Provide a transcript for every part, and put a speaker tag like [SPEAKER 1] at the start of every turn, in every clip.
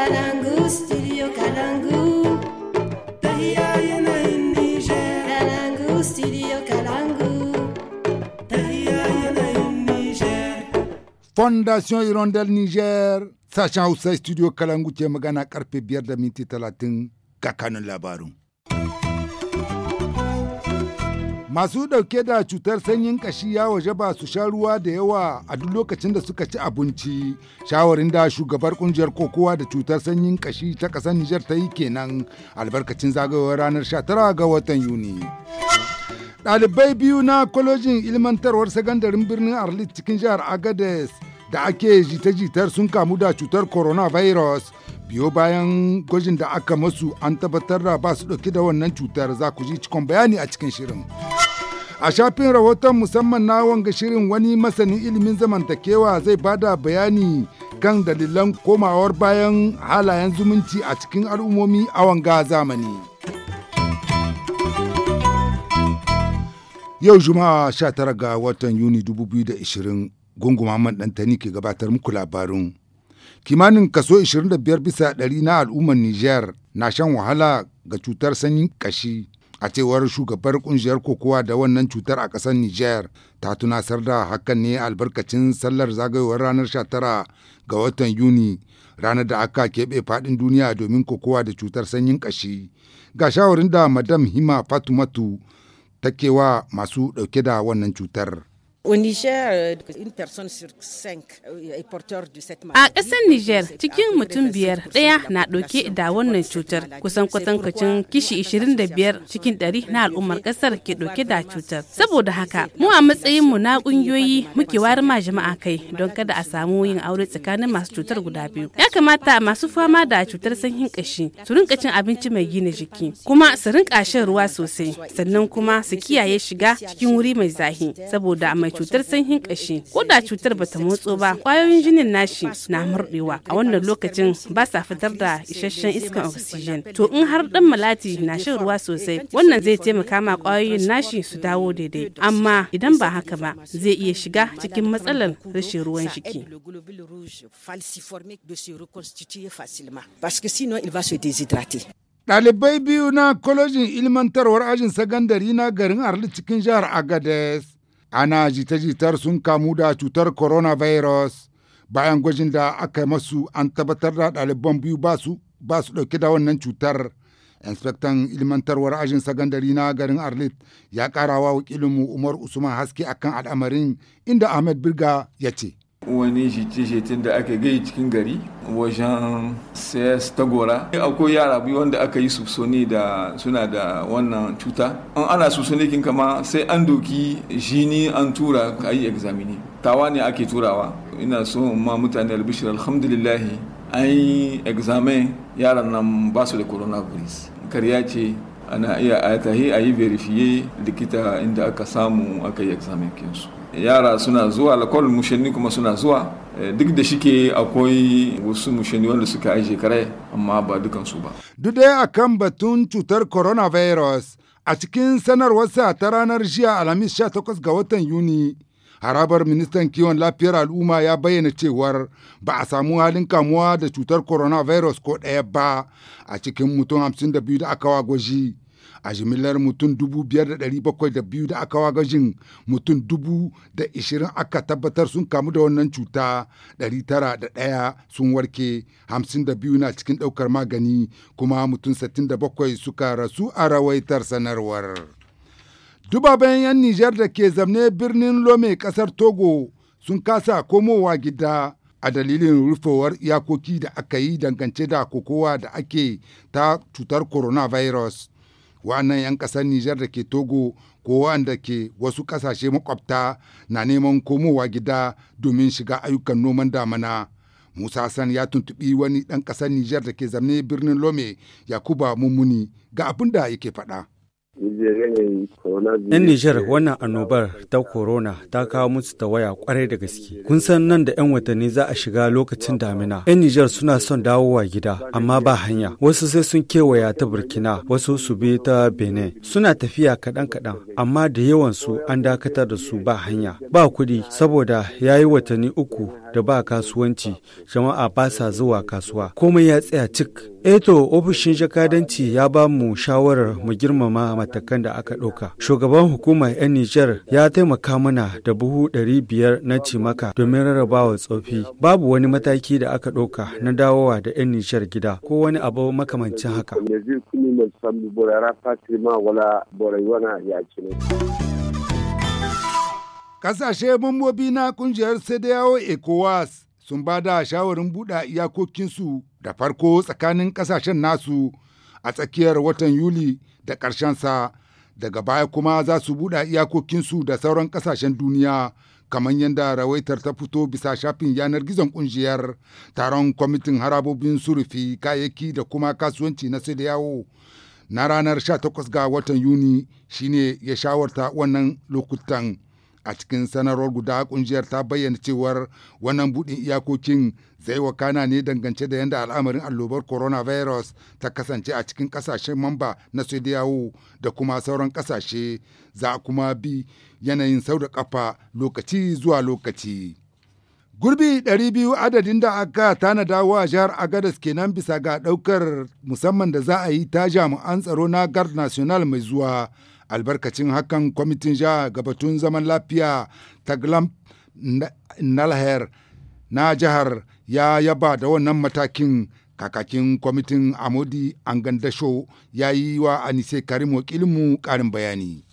[SPEAKER 1] Kalangu, studio Kalangu. studio Kalangu.
[SPEAKER 2] Fondation Irondel Niger, Hausa Studio Kalangu ce magana karfe biyar da minti talatin ga kanun labarin. Masu ɗauke da cutar sanyin kashi ya waje ba su sha ruwa da yawa a duk lokacin da suka ci abinci. Shawarin da shugabar ƙungiyar kokowa da cutar sanyin kashi ta ƙasar Nijar ta yi kenan albarkacin zagayowar ranar 19 ga watan Yuni. ɗalibai biyu na kwalojin ilmantarwar sagandarin birnin arlit cikin jihar agades da ake jita-jitar sun kamu da cutar coronavirus biyo bayan gwajin da aka masu an tabbatar da ba su ɗauki da wannan cutar za ku ji cikon bayani a cikin shirin. A shafin rahoton musamman na wanga shirin wani masanin ilimin zamantakewa zai bada bayani kan dalilan komawar bayan halayen zumunci a cikin al'ummomi a wanga zamani. Yau Juma'a 19 ga watan Yuni 2020 gungu Muhammad ke gabatar muku labarin. Kimanin kaso 25 bisa 100 na al'ummar Nijar na shan wahala ga cutar sanyin kashi a cewar shugabar kungiyar kokowa da wannan cutar a ƙasar niger ta tunasar da hakan ne albarkacin sallar zagayowar ranar 19 ga watan yuni ranar da aka keɓe faɗin duniya domin kokowa da cutar sanyin ƙashi ga shawarin da madam hima fatumatu take wa masu ɗauke da wannan cutar.
[SPEAKER 1] Au Niger, euh, une personne sur cinq euh, est porteur de cette maladie. A ƙasar Niger, cikin mutum biyar ɗaya na ɗauke da wannan cutar. Kusan kwatankwacin kishi 25 cikin ɗari na al'ummar ƙasar ke ɗauke da cutar. Saboda haka, mu a matsayin mu na ƙungiyoyi muke wayar ma jama'a kai don kada a samu yin aure tsakanin masu cutar guda biyu. Ya kamata masu fama da cutar sanyin ƙashi su rinka cin abinci mai gina jiki, kuma su rinka shan ruwa sosai, sannan kuma su kiyaye shiga cikin wuri mai zahi saboda mai mai cutar sanyin kashi ko da cutar bata motso ba kwayoyin jinin nashi na murɗewa a wannan lokacin ba sa fitar da isasshen iskan oxygen to in har dan malati na shan ruwa sosai wannan zai taimaka ma kwayoyin nashi su dawo daidai amma idan ba haka ba zai iya shiga cikin matsalar rashin ruwan jiki
[SPEAKER 2] Ɗalibai biyu na kwalejin ilmantarwar ajin sakandare na garin Arli cikin jihar Agadez. ana jita-jitar sun kamu da cutar coronavirus bayan gwajin da aka masu an tabbatar da ɗaliban biyu ba su ɗauke da wannan cutar inspektan ilmantarwar ajin sagandari na garin arlit ya wa wakilinmu umar usman haske akan al'amarin inda ahmed birga ya
[SPEAKER 3] ce wani shice-shicen da aka gai cikin gari wajen sayas ta gora akwai yara biyu wanda aka yi ne da suna da wannan cuta an ana su kin kama sai an doki jini an tura a yi examini tawa ne ake turawa ina so ma mutane albishir alhamdulillah an yi examen yaran nan ba su da coronavirus karya ce ana iya a tahi a yi verifiye likita inda aka samu aka yi examen kinsu yara suna zuwa lakol mushanni kuma suna zuwa eh, duk da shike akwai wasu mushanni wanda suka aje kare amma ba dukansu ba
[SPEAKER 2] duk da akan batun cutar coronavirus a cikin sanarwarsa ta ranar jiya alhamis 18 ga watan yuni harabar ministan kiwon lafiyar al'umma ya bayyana cewar ba a samu halin kamuwa da cutar coronavirus ko ɗaya ba a cikin mutum 52 da aka wa gwaji a jimillar mutum dubu biyar da dari bakwai da biyu da aka wagajin mutum dubu da ishirin aka tabbatar sun kamu da wannan cuta dari tara da ɗaya sun warke hamsin da biyu na cikin ɗaukar magani kuma mutum satin da bakwai suka rasu a rawaitar sanarwar. Dubaben 'yan Nijar da ke zamne birnin Lome kasar Togo sun kasa komowa gida. a dalilin rufewar iyakoki da aka yi dangance da kokowa da ake ta cutar coronavirus wa'annan 'yan ƙasar Nijar da ke Togo ko wanda ke wasu ƙasashe makwabta na neman komowa gida domin shiga ayyukan noman damana. Musa san ya tuntuɓi wani ɗan ƙasar Nijar da ke zamne birnin Lome Yakuba Mummuni ga abin da yake faɗa.
[SPEAKER 1] 'Yan Nijar wannan annobar ta korona ta kawo musu ta waya kwarai da gaske. Kun san nan da 'yan watanni za a shiga lokacin damina. 'Yan Nijar suna son dawowa gida amma ba hanya. Wasu sai sun kewaya ta Burkina, wasu su bi ta Benin. Suna tafiya kaɗan-kaɗan amma da yawan su an dakatar da su ba hanya. Ba kuɗi saboda ya yi watanni uku da ba kasuwanci, jama'a ba sa zuwa kasuwa. Komai ya tsaya cik Eto eh ofishin jakadanci ya ba mu shawarar mu girmama matakan da aka ɗauka. Shugaban hukumar 'yan Nijar ya taimaka mana da buhu ɗari biyar na cimaka domin rarrabawa tsofi. Babu wani mataki da aka ɗauka na dawowa da 'yan Nijar gida ko wani abu makamancin haka.
[SPEAKER 2] Kasashe mambobi na kungiyar sai da yawo ECOWAS sun ba da shawarin buɗe iyakokinsu da farko tsakanin ƙasashen nasu a tsakiyar watan Yuli da ƙarshensa daga baya kuma za su buɗe iyakokinsu da sauran ƙasashen duniya kamar yadda rawaitar ta fito bisa shafin yanar gizon ƙungiyar taron kwamitin harabobin surufi kayayyaki da kuma kasuwanci na sai da yawo na ranar 18 ga watan yuni shine ya shawarta wannan lokutan a cikin sanarwar guda kungiyar ta bayyana cewar wannan buɗin iyakokin zai wakana ne dangance da yadda al'amarin allobar coronavirus ta kasance a cikin kasashen mamba na yawo da kuma sauran kasashe za a kuma bi yanayin sau da kafa lokaci zuwa lokaci. Gurbi 200 adadin da aka tanada wa jihar Agadas kenan bisa ga ɗaukar musamman da za a yi ta jami'an tsaro na Guard National mai zuwa. albarkacin hakan kwamitin ga gabatun zaman lafiya taglam nalher na jihar ya yaba da wannan matakin kakakin kwamitin amodi an gandasho ya yi wa anise karim wakilinmu karin bayani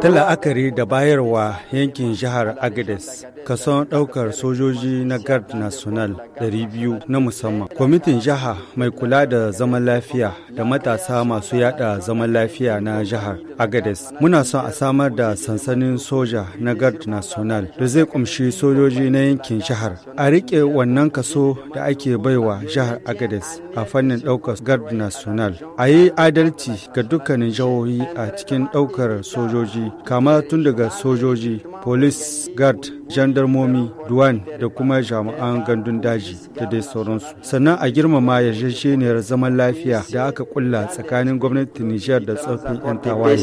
[SPEAKER 1] Ta la'akari da bayarwa yankin jihar Agades kason ɗaukar sojoji na Guard National 200 na musamman. Kwamitin jiha mai kula da zaman lafiya da matasa masu yada zaman lafiya na jihar Agades. Muna son a samar da sansanin soja na Guard National da zai kumshi sojoji na yankin jihar. A riƙe wannan kaso da ake baiwa jihar Agades a fannin ɗaukar Guard National. A yi adalci ga dukkanin jihohi a cikin ɗaukar ɗaukar sojoji kama tun daga sojoji police guard jandarmomi duwan da kuma jami'an gandun daji da dai sauransu sannan a girmama yarjejeniyar zaman lafiya da aka kulla tsakanin gwamnatin nijar da tsoffin 'yan tawaye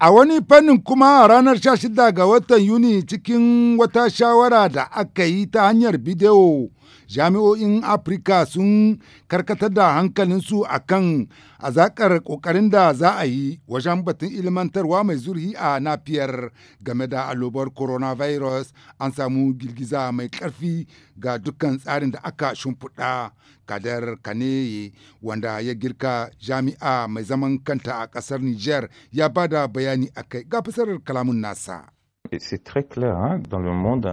[SPEAKER 2] A wani fannin kuma a ranar 16 ga watan Yuni cikin wata shawara da aka yi ta hanyar bidiyo jami'o'in afirka sun karkatar da hankalinsu a kan azakar kokarin da za a yi wajen batun ilmantarwa mai zurhi a nafiyar game da alobar coronavirus an samu girgiza mai karfi ga dukkan tsarin da aka shimfiɗa kadar kaneye wanda ya girka jami'a mai zaman kanta a ƙasar niger ya bada bayani akai ga fasarar kalamun nasa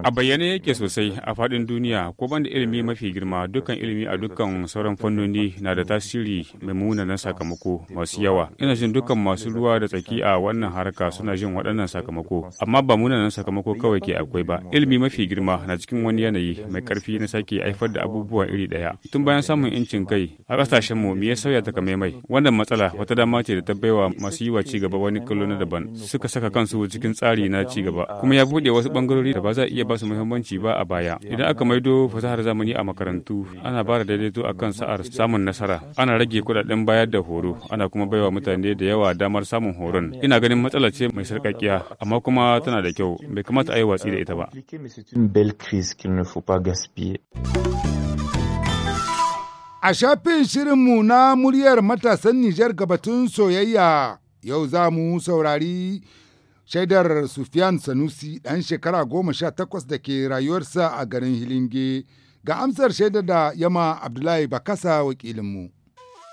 [SPEAKER 3] A bayyane yake sosai a faɗin duniya ko banda ilimi mafi girma dukkan ilimi a dukkan sauran fannoni na da tasiri mai munanan sakamako masu yawa. Ina jin dukkan masu ruwa da tsaki a wannan harka suna jin waɗannan sakamako. Amma ba munanan sakamako kawai ke akwai ba. Ilimi mafi girma na cikin wani yanayi mai ƙarfi na sake haifar da abubuwa iri ɗaya. Tun bayan samun incin kai a mu me ya sauya ta mai Wannan matsala wata dama ce da ta baiwa masu yi wa ci gaba wani kallo na daban suka saka kansu cikin tsari na ci gaba kuma ya buɗe wasu ɓangarori da ba za a iya ba su muhimmanci ba a baya. Idan aka maido fasahar zamani a makarantu, ana ba da daidaito a kan sa'ar samun nasara. Ana rage kuɗaɗen bayar da horo, ana kuma baiwa mutane da yawa damar samun horon. Ina ganin matsala ce mai sarƙaƙiya, amma kuma tana da kyau, bai kamata a yi watsi da ita ba.
[SPEAKER 2] A shafin shirinmu na muryar matasan Nijar gabatun soyayya, yau za mu saurari shaidar sufyan sanusi ɗan shekara goma sha takwas da ke rayuwarsa a garin hilinge ga amsar shaidar da yama abdullahi bakasa wakilinmu.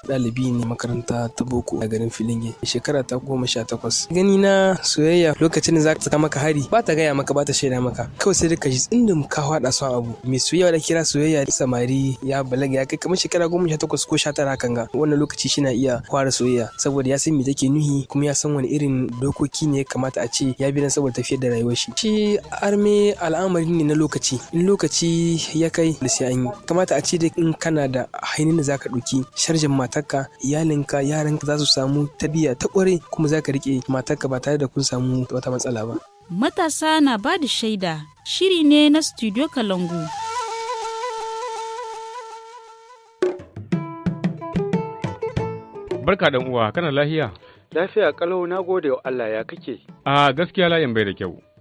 [SPEAKER 2] Dalibi ne makaranta ta boko a garin filinge shekara ta goma sha takwas gani na
[SPEAKER 1] soyayya lokacin da za ta maka hari ba ta gaya maka ba ta shaida maka kawai sai ka ji tsindin ka haɗa son abu mai soyayya da kira soyayya samari ya balaga ya kai kamar shekara goma sha takwas ko sha tara kan ga wannan lokaci shi na iya fara soyayya saboda ya san me take nuhi kuma ya san wani irin dokoki ne ya kamata a ce ya bi nan saboda tafiyar da rayuwar shi shi arme al'amari ne na lokaci in lokaci ya kai da sai an yi kamata a ce dai in kana da hainin da zaka ɗauki sharjan ma matarka iyalinka yaranka za su samu tabiya ta kwarai kuma za ka rike matarka ba tare da kun samu wata matsala ba matasa na ba da shaida shiri ne na studio kalangu
[SPEAKER 3] barka dan uwa kana lahiya
[SPEAKER 1] lafiya kalau na gode wa Allah ya kake
[SPEAKER 3] a gaskiya layin bai da kyau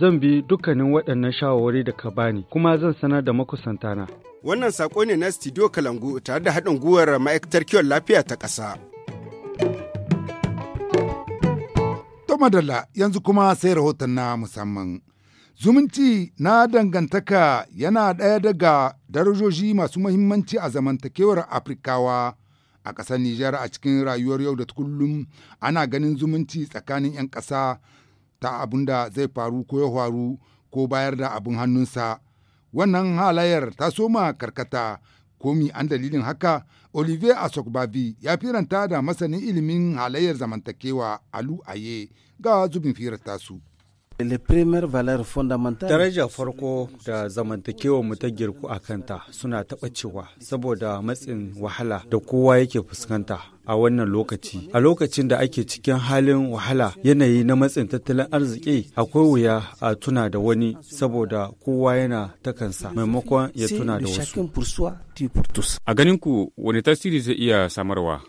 [SPEAKER 1] zan bi dukkanin waɗannan shawarwari da ka bani kuma zan sanar da makusantana. Wannan saƙo ne na
[SPEAKER 2] Studio Kalangu tare da haɗin gwiwar ma'aikatar kiwon lafiya ta ƙasa. To madalla yanzu kuma sai rahoton na musamman. Zumunci na dangantaka yana ɗaya daga darajoji masu muhimmanci a zamantakewar Afrikawa. a ƙasar Nijar a cikin rayuwar yau da kullum ana ganin zumunci tsakanin 'yan ƙasa ta abin da zai faru ko ya faru ko bayar da abin hannunsa wannan halayar ta soma karkata komi an dalilin haka olivier asokbavi ya firanta da masanin ilimin halayyar zamantakewa alu aye ga zubin firar tasu Daraja
[SPEAKER 1] farko da zamantakewa mu ta girku a kanta suna taɓa cewa saboda matsin wahala da kowa yake fuskanta a wannan lokaci. A lokacin da ake cikin halin wahala yanayi na matsin tattalin arziki akwai wuya a tuna da wani saboda kowa yana ta kansa maimakon ya tuna da wasu.
[SPEAKER 3] A ganin wani tasiri zai iya samarwa?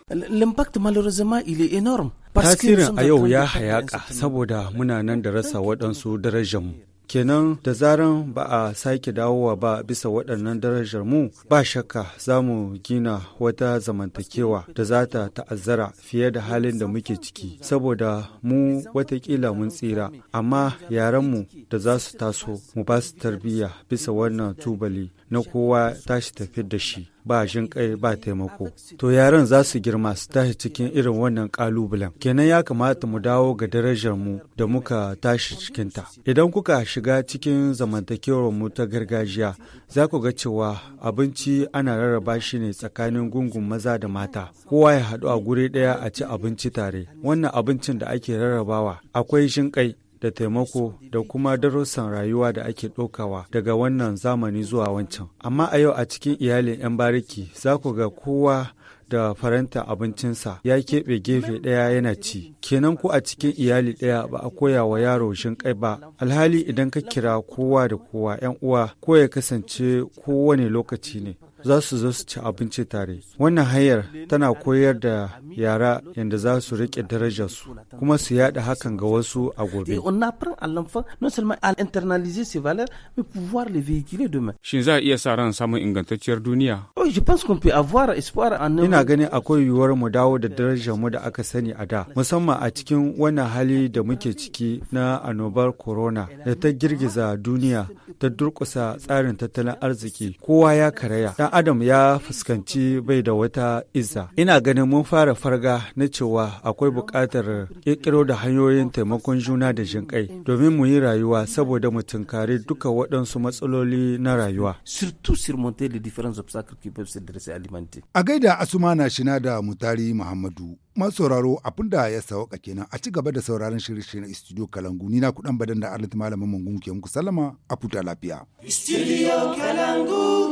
[SPEAKER 3] Tasirin a yau ya
[SPEAKER 1] hayaka saboda muna nan da rasa waɗansu darajarmu. kenan da zaran ba a sake dawowa ba bisa waɗannan darajar mu ba shakka za mu gina wata zamantakewa da za ta ta'azzara fiye da halin da muke ciki saboda mu watakila mun tsira amma yaranmu da za su taso mu ba su tarbiyya bisa wannan tubali na kowa tashi tafi da shi ba jin kai ba taimako to yaran za su girma su tashi cikin irin wannan kalubalen kenan ya kamata mu dawo ga darajar mu da muka tashi cikinta idan kuka shiga cikin zamantakewar mu ta gargajiya za ku ga cewa abinci ana rarraba shi ne tsakanin gungun maza da mata kowa ya haɗu a guri ɗaya a ci abinci tare wannan abincin da ake rarrabawa akwai jin shinkai da taimako da kuma darussan rayuwa da ake ɗaukawa daga wannan zamani zuwa wancan. Amma a yau a cikin iyalin 'yan bariki za ku ga kowa da faranta abincinsa ya keɓe gefe ɗaya yana ci kenan ku a cikin iyali ɗaya ba a koya wa yaro shinkai ba alhali idan ka kira kowa da kowa yan uwa ko ya kasance kowane lokaci ne za su zo su ci abinci tare wannan hanyar tana koyar da yara yadda za su riƙe darajarsu kuma su yada hakan ga wasu a gobe
[SPEAKER 3] shin za a iya sa ran samun ingantacciyar duniya
[SPEAKER 1] oh, ina ganin akwai yiwuwar mu dawo da darajar mu da aka sani a da musamman a cikin wannan hali da muke ciki na annobar corona da ta girgiza duniya ta durƙusa tsarin tattalin arziki kowa ya karaya adam ya fuskanci bai da wata izza. Ina ganin mun fara farga na cewa akwai buƙatar ƙirƙiro da hanyoyin taimakon juna da jinƙai domin mu yi rayuwa saboda mu
[SPEAKER 2] tunkari duka waɗansu matsaloli na rayuwa. A gaida Asumana Shina da Mutari Muhammadu. Masu sauraro abin da ya sauka kenan a ci gaba da sauraron shirye na studio Kalangu ni na kudan badan da Arlit Malamin Mungun ke muku sallama a futa lafiya.
[SPEAKER 1] Studio Kalangu.